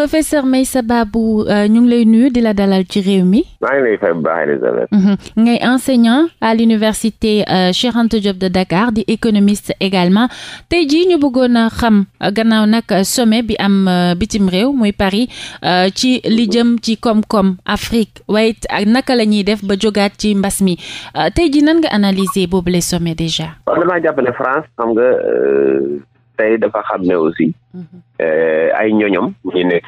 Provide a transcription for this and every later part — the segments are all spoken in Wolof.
professeur Meissa Babou euh, ñu ngi lay nuyu di la dalal ci réew mi. maa mhm. ngay enseignant à l'université euh, Cheikh Anta Diop de Dakar di économiste également tey jii ñu bëggoon a xam gannaaw nag sommet bi am euh, bitim réew muy Paris ci li jëm ci koom-koom Afrique waaye ak naka la ñuy def ba jogaat ci mbas mi tey jii nan nga analyser boobu les sommets déjà. tey dafa xam ne aussi mhm. euh, ay ñoñom ñi nekk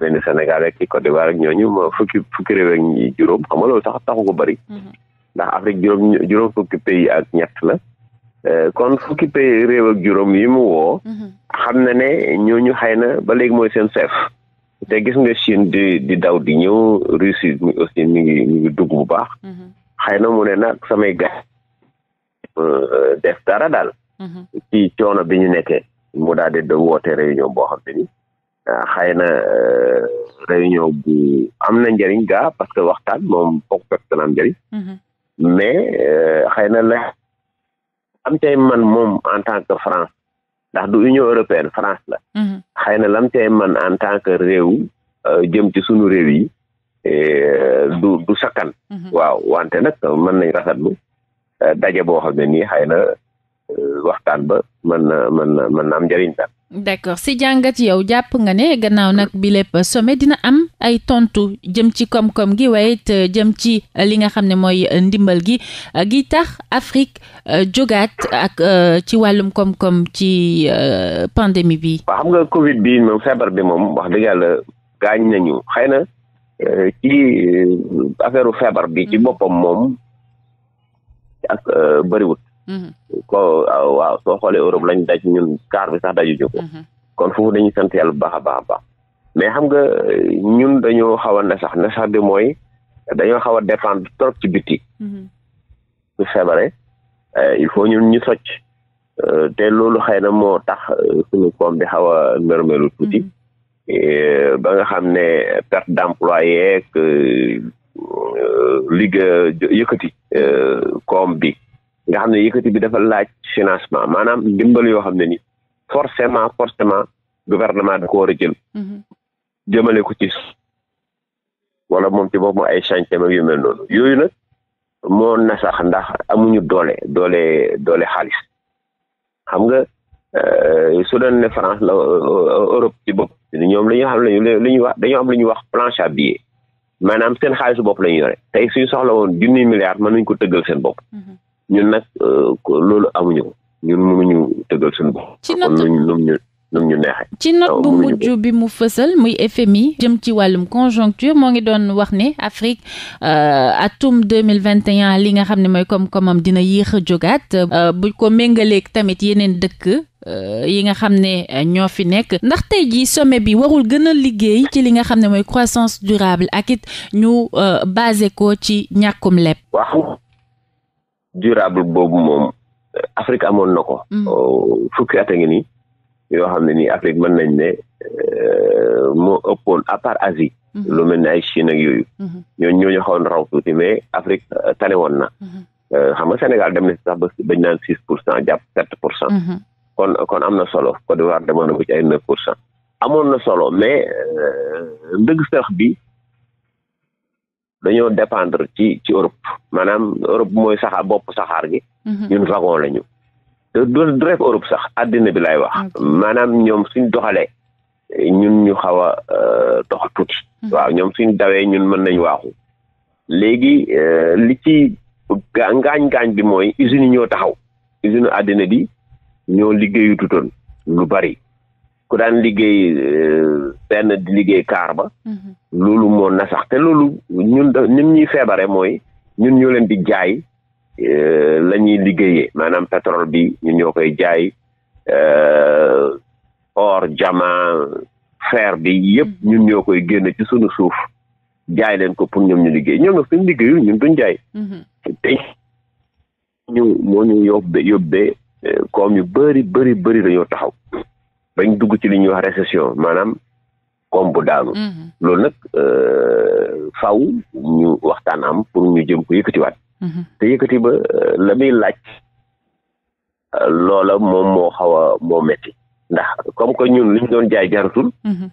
benn Sénégal ak ci Côte d'Ivoire ñooñu ma fukki fukki réew ak juróom xam loolu sax taxu ko bëri mhm. ndax Afrique juróom juróom fukki pays ak ñett la euh, kon fukki pays réew ak juróom yi mu woo mhm. xam na ne ñooñu xëy na ba léegi mooy seen chef te gis nga Chine di daw di ñëw Russie mi ngi mi ngi dugg bu baax xëy na mu ne nag samay gax euh, def dara daal Mm-hmm. ci coono bi ñu nekkee mu daal di woote réunion boo xam ne ni ah, xëy na euh, réunion bu am na njëriñ gaa parce que waxtaan moom foog fekk dana am njëriñ mm-hmm. mais euh, xëy na la am tey man moom en tant que France ndax du Union européenne France la mm-hmm. xëy na lam tey man en tant que réew euh, jëm ci sunu réew yi du du waaw wante nag mën nañ rafetlu daje boo xam ne nii xëy waxtaan ba mën na mën na mën na am njëriñ d'accord si jàngat yow jàpp nga ne gannaaw nag bi lépp sommet dina am ay tontu jëm ci koom-koom gi waaye euh, jëm ci li nga xam ne mooy ndimbal gi euh, gi tax Afrique euh, jógaat ak ci wàllum koom-koom ci pandémie bi. waaw xam nga Covid bi moom feebar bi moom wax dëgg yàlla gaañ nañu xëy na ci affaire feebar bi ci mm. boppam moom ak bëriwut. Mm-hmm. ko waaw soo xoolee Europe lañ daj ñun kaar bi sax daju ko mm-hmm. kon foofu dañuy sant yàlla bu baax a baax a baax mais xam nga ñun dañoo xaw a ne sax bi mooy dañoo xaw a dépendre trop ci biti mm-hmm. su feebare eh, il faut ñun ñu socc euh, te loolu xëy na moo tax euh, suñu koom bi xaw a nërmelu tuuti eh, ba nga xam ne perte d'employé ak euh, liggéey yëkkati koom bi nga xam ne yëkkati bi dafa laaj financement maanaam dimbal yoo xam ne ni forcément forcément gouvernement da ko war a jël mm-hmm. jëmale ko ci wala moom ci boppam ay chantier mag yu mel noonu yooyu nag na sax ndax amuñu doole doole doole xaalis xam nga euh, su doon ne France la Europe ci bopp ñoom la ñu xam ne lu ñuy wax dañoo am lu ñuy wax planche à billets maanaam seen xaalisu bopp la ñu yore tey suñu soxla woon junni milliards mën nañu ko tëggal seen bopp mm-hmm. ñun nag euh, loolu amuñu ko ñun mënuñu tëggal suñu bopp. ci note kon bu mujj bi mu fësal muy FMI jëm ci wàllum conjoncture moo ngi doon wax ne Afrique euh, atum deux mille vingt et li nga xam ne mooy koom-koomam dina yéex a jogaat euh, bu ko méngaleeg tamit yeneen dëkk. yi nga xam ne ñoo fi nekk ndaxte tey jii sommet bi warul gën a liggéey ci li nga xam ne mooy croissance durable ak it ñu basé ko ci ñàkkum leb. durable boobu moom Afrique amoon na ko. Mm. Oh, fukki at a ngi nii yoo xam ne nii Afrique mën nañ ne euh, mo ëppoon à part Asie. Mm-hmm. lu mel ne ay Chine ak yooyu. Mm-hmm. ñooñu ñoo ñu xawoon raw tuuti mais Afrique euh, tane woon na. Mm-hmm. Euh, xam nga Sénégal dem na sax ba bañ naan six pour cent jàpp sept pour cent. kon kon am na solo Côte d'Ivoire demoon na ba ci ay neuf pour cent. amoon na solo mais ndëgg sërëx bi. dañoo dépendre ci ci Europe maanaam Europe mooy saxaar bopp saxaar gi. Mhm. ñun wagon lañu. te du rek Europe sax àddina bi lay wax. maanaam ñoom suñ doxalee ñun ñu xaw a euh, dox tuuti. Mhm. waaw ñoom suñ dawee ñun mën nañ waaxu. léegi euh, li ci ngaañ-ngaañ bi mooy usines yi ñoo taxaw usine àddina bi ñoo liggéeyu tutoon lu bari ku daan liggéey euh, benn di liggéey kaar ba mhm. loolu moo nasax te loolu ñun ñun ñuy feebaree mooy ñun ñoo leen di jaay euh, la ñuy liggéeyee maanaam pétrole bi ñun ñoo koy jaay euh, or diamant fer bi yëpp mhm. ñun ñoo koy génn ci suñu suuf jaay leen ko pour ñoom ñu liggéey ñoom nag suñu liggéeyul ñun duñ jaay mhm. tey ñu moo ñu yóbbee yóbbee koom yu bëri bëri bëri dañoo taxaw bañ dugg ci li ñuy wax récession maanaam koom bu daanu. Mhm. loolu nag euh, faaw ñu waxtaan am pour ñu jëm ko yëkkatiwaat. Mhm. te yëkkati ba euh, la muy laaj loola moom moo xaw a moo metti ndax comme que ñun ñu doon jaay jaratul. Mhm.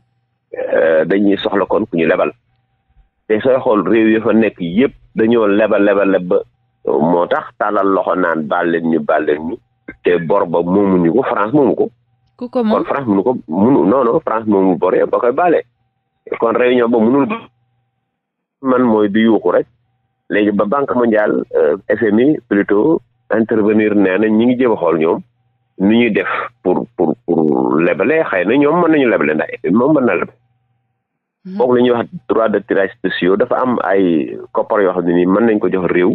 Euh, dañuy soxla kon ku ñu lebal. te sooy xool réew yi fa nekk yëpp dañoo lebal lebal leb ba moo tax tàllal loxo naan baal leen ñu baal leen ñu te bor ba moomuñu ko France moomu ko. ku ko moom kon France mënu ko mënu non non France moomu bor yëpp ba koy baale kon réunion ba man mooy di rek léegi ba banque mondiale euh, FMI plutôt intervenir nee na ñi ngi jéem xool ñoom nu ñuy def pour pour pour lebale xëy na ñoom mën nañu lebale ndax FMI na leb boog hmm. la ñuy wax droit de tirage spéciaux dafa am ay koppar yoo xam ne nii mën nañ ko jox réew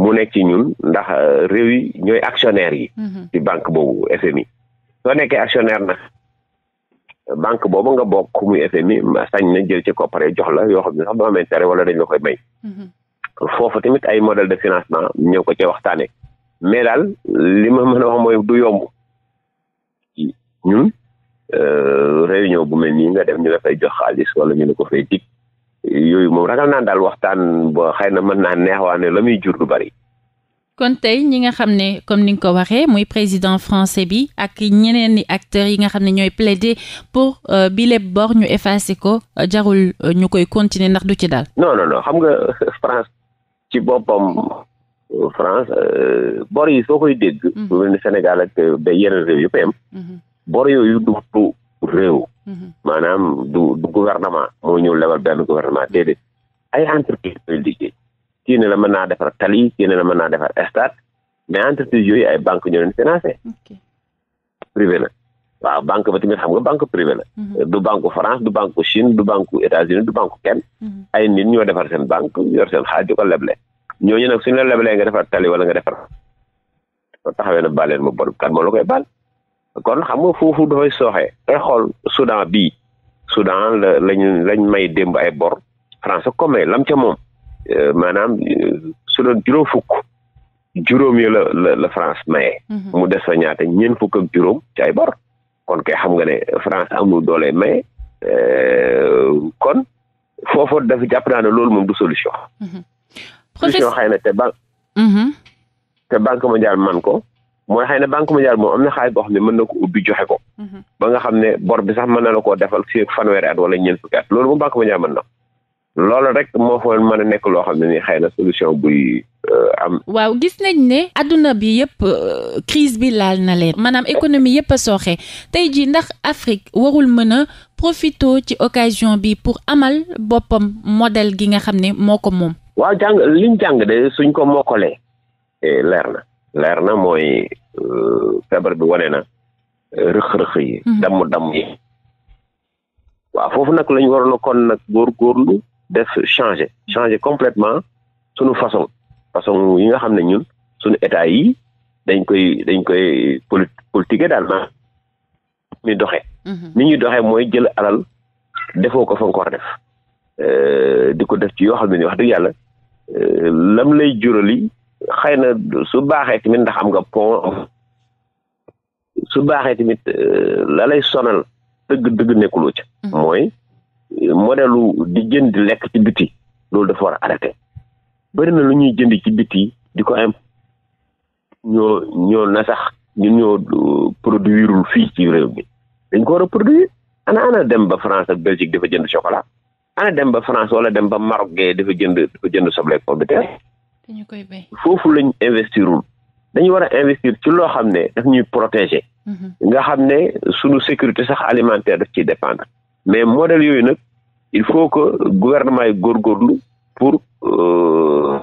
mu nekk ci ñun ndax euh, réew yi ñooy actionnaire yi hmm. ci banque boobu FMI soo nekkee actionnaire na banque boobu nga bokk muy FMI sañ na jël ci koppare jox la yoo xam ne sax du am intérêt wala dañ la koy bañ mm-hmm. foofu tamit ay modèle de financement ñëw ko ci waxtaane mais daal li ma mën a wax mooy du yomb ñun euh, réunion bu mel nii nga def ñu la fay jox xaalis wala ñu la ko fay dig yooyu moom ragal naa daal waxtaan ba xëy na mën naa neex waa la muy jur lu bari kon tey ñi nga xam ne comme ni nga ko waxee muy président français bi ak ñeneen ni acteurs yi nga xam ne ñooy plaider pour euh, bi lépp bor ñu effacer ko jarul euh, ñu koy continuer ndax du ci daal. non non non xam nga France ci boppam. France euh, bor yi soo koy dégg. bu mm-hmm. mel ni Sénégal ak ba yeneen réew yu pem. Mm-hmm. bor yooyu du du réew. Mm-hmm. maanaam du du gouvernement moo ñëw lebal benn gouvernement déedéet ay entreprise koy liggéey. kii ne la mën naa defar tali kii ne la mën naa defar stade mais entreprise yooyu ay banque ñoo leen financé privé na waaw banque ba tamit xam nga banque privé la mhm. euh, du banque France du banque Chine du banque États-Unis du banque kenn mhm. ay nit ñoo defar seen banque yor seen xaaj di ko leble ñooñu nag suñu la leblee nga defar tali wala nga defar ba taxawee na baleen ma bor kan moo la koy baal kon xam nga foofu dafay sooxee ay xool Soudan bii Soudan la lañ lañ may démb ay bor France ko may lam moom Euh, maanaam euh, su doon juróom fukk juróom yi la la la France maye. Mhm. mu des fa ñaata ñeent fukk ak juróom ci ay bor kon kay xam nga ne France amul doole maye euh, kon foofu dafa jàpp naa ne loolu moom du solution. Mhm. solution xëy na te banque. Mhm. te banque mondiale man ko mooy xëy na banque mondiale moom am na xaalis boo xam ne mën na ko ubbi joxe ko. ba nga xam ne bor bi sax mën na la koo defal fii ak fanweeri at wala ñeent fukki at loolu moom banque mondiale mën na loolu rek moo foon mën a nekk loo xam ne ni xëy na solution buy euh, am. waaw gis nañ ne adduna bi yëpp euh, crise bi laal na leen maanaam économie yëpp a sooxe tey jii ndax Afrique warul mën a profito ci occasion bi pour amal boppam modèle gi nga xam ne moo ko moom. waaw jàng liñ jàng de suñ ko mokkalee eh, leer na leer na mooy euh, feebar bi wane na rëq-rëq yi. damm damm yi. waaw foofu nag lañ waroon a kon nag góorgóorlu. def changer changer complètement sunu façon façon yi nga xam ne ñun sunu état yi dañ koy dañ koy poli politique daal ma mi doxe mi mhm. ñuy doxee mooy jël alal defoo ko fa nga ko def euh, di ko def ci yoo xam ne wax dëgg yàlla euh, lam lay jurali xëy na su baaxee tamit ndax am nga pont su baaxee tamit euh, la lay sonal dëgg dëgg nekkuloo ca mhm. mooy modelu di jënd lekk ci biti loolu dafa war a arrêté bëri na lu ñuy jënd ci biti di ko am ñoo ñoo na sax ñun ñoo euh, produirul fii ci réew mi dañ ko war a produire ana ana dem ba France ak Belgique dafa jënd chocolat ana dem ba France wala dem ba Maroc gee dafa jënd dafa jënd soble pomme de koy foofu lañ investirul dañu war a investir ci loo xam ne daf ñuy protéger mhm. nga xam ne sunu sécurité sax alimentaire daf ciy dépendre mais modèle yooyu nag il faut que gouvernement yi góorgóorlu pour euh,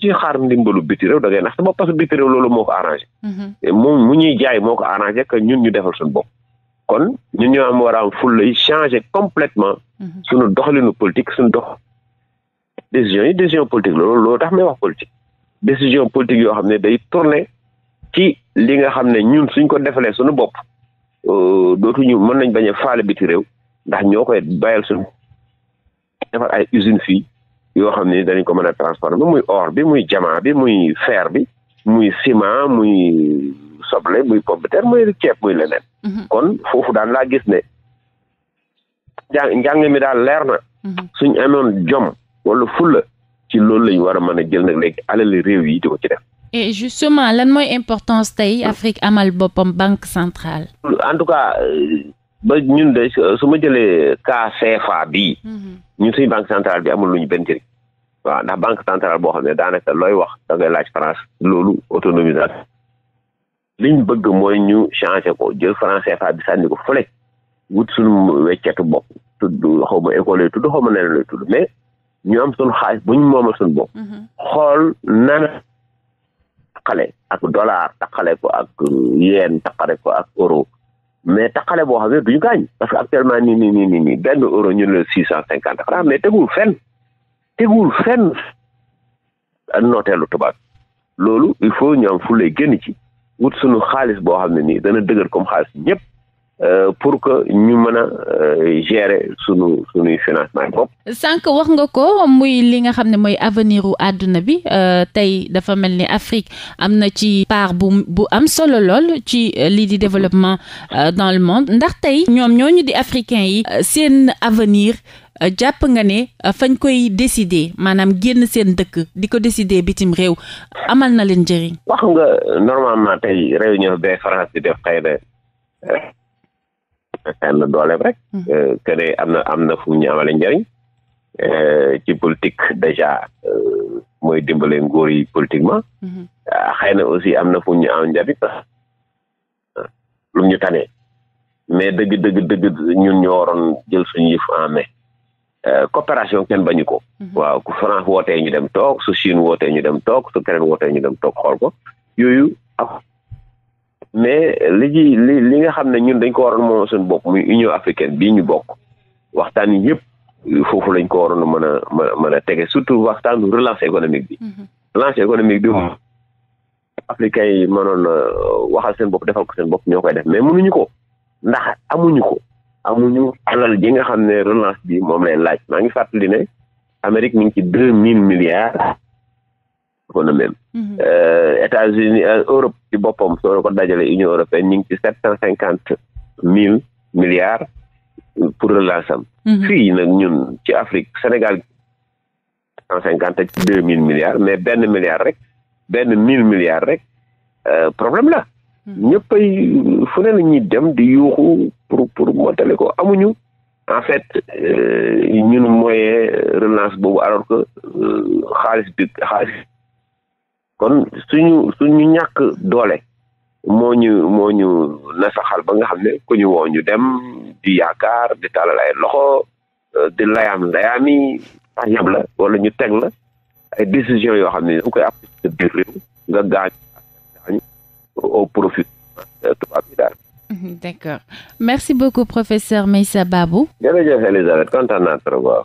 ci xaar ndimbalu biti réew da ngay nax sa bopp parce que biti réew loolu moo ko arrangé mhm. moom mu ñuy jaay moo ko arrangé que ñun ñu defal suñu bopp kon ñu ñoo am war a am fulla yi changé complètement mhm. suñu doxalinu politique suñ dox décision yi décision politique loolu loolu tax may wax politique décision politique yoo xam ne day tourné ci li nga xam ne ñun suñ ko defalee suñu bopp euh, dootuñu mën nañ bañ a faale biti réew ndax ñoo koy bayal suñu ay usine fi yoo xam ni danañ ko mën a transformer muy or bi muy jamaa bi muy fer bi muy ciment muy soble muy pomme de terre muy ceeb muy leneen. Mhm. kon foofu daan laa gis ne jàng njàng mi daal leer na. Mhm. suñ amoon jom wala fulla ci loolu lañu war a mën a jël nag léegi alali réew yi di ko def. et justement lan mooy importance tey Afrique amal boppam banque centrale. en tout cas ba ñun de su ma jëlee cas CFA bii mhm. ñu suñu banque centrale bi amul lu ñu benn njëriñ waaw ndax banque centrale boo xam ne daanaka looy wax da laaj France loolu autonomisation liñ bëgg mooy ñu changé ko jël franc CFA bi sànni ko fële wut suñu weccetu bopp tudd xaw ma école yi tudd xaw ma neneen lay tudd mais ñu am suñu xaalis bu ñu moomal suñ bopp mhm. xool nana taqale ak dollar taqale ko ak yeen taqale ko ak euro mais taxale boo xam ne duñu gaañ parce que actuellement ni ni nii nii nii benn euro ñu la six cent cinquante francs mais tegul fenn tegul fenn nooteelu tubaab loolu il faut ñu fu lay génn ci wut sunu xaalis boo xam ne nii dana dëgër comme xaalis ñëpp Euh, pour que ñu mën a euh, gérer sunu sunuy financement bopp. sànq wax nga ko muy li nga xam ne mooy avenir àdduna bi euh, tey dafa mel ni Afrique am na ci part bu bu am solo lool ci lii di développement dans le monde ndax tey ñoom ñooñu di africain yi seen avenir jàpp nga ne fañ koy décider maanaam génn seen dëkk di ko décider bitim réew amal na leen njëriñ. wax nga normalement tey réunion bi France di def xëy na seen dooleem rek mm. euh, que ne am na am na fu mu ñu amale njëriñ euh, ci politique déjà euh, mooy dimbale nguur yi politiquement mm-hmm. xëy na aussi am na fu ñu am njëriñ parce lu ñu tanee mais dëgg dëgg dëgg ñu ñoo jël suñu yëf en mai coopération kenn bañu ko mm-hmm. waaw ku France wootee ñu dem toog su Chine wootee ñu dem toog su keneen wootee ñu dem toog xool ko yooyu mais li ji li li nga xam ne ñun dañ ko waroon moom seen bopp muy union africaine bi ñu bokk waxtaan yëpp foofu lañ ko waroon mën a mën mën a tege surtout waxtaanu relance économique bi. Mhm. relance économique bi moom. africain yi mënoon euh, waxal seen bopp defal ko seen bopp ñoo koy def mais mënuñu ko ndax amuñu ko amuñu alal ji nga xam ne relance bi moom leen laaj maa ngi fàttali ne Amérique mi ngi ci deux mille milliards économie am mhm. euh, États-Unis euh, Europe ci boppam soo ko dajale Union européenne ñu ngi ci sept cent cinquante mille milliards pour relance am mhm. fii nag ñun ci Afrique Sénégal cinquante ci mille milliards mais benn milliard rek benn mille milliards rek euh, problème la mhm. ñëpp ay fu ne la ñuy dem di yuuxu pour pour mottali ko amuñu en fait ñun moyen relance boobu alors que xaalis xaalis kon suñu suñu ñàkk doole moo ñu moo ñu nasaxal ba nga xam ne ku ñu woo ñu dem di yaakaar di tàllal ay loxo euh, di layaam layaami sax yab la wala ñu teg la ay décision yoo xam ne dañ koy appliquer sa biir réew nga gaañu gaañu au profit tubaab yi daal d'accord merci beaucoup professeur Meissa Babou jërëjëf Elisabeth kontaan naa trop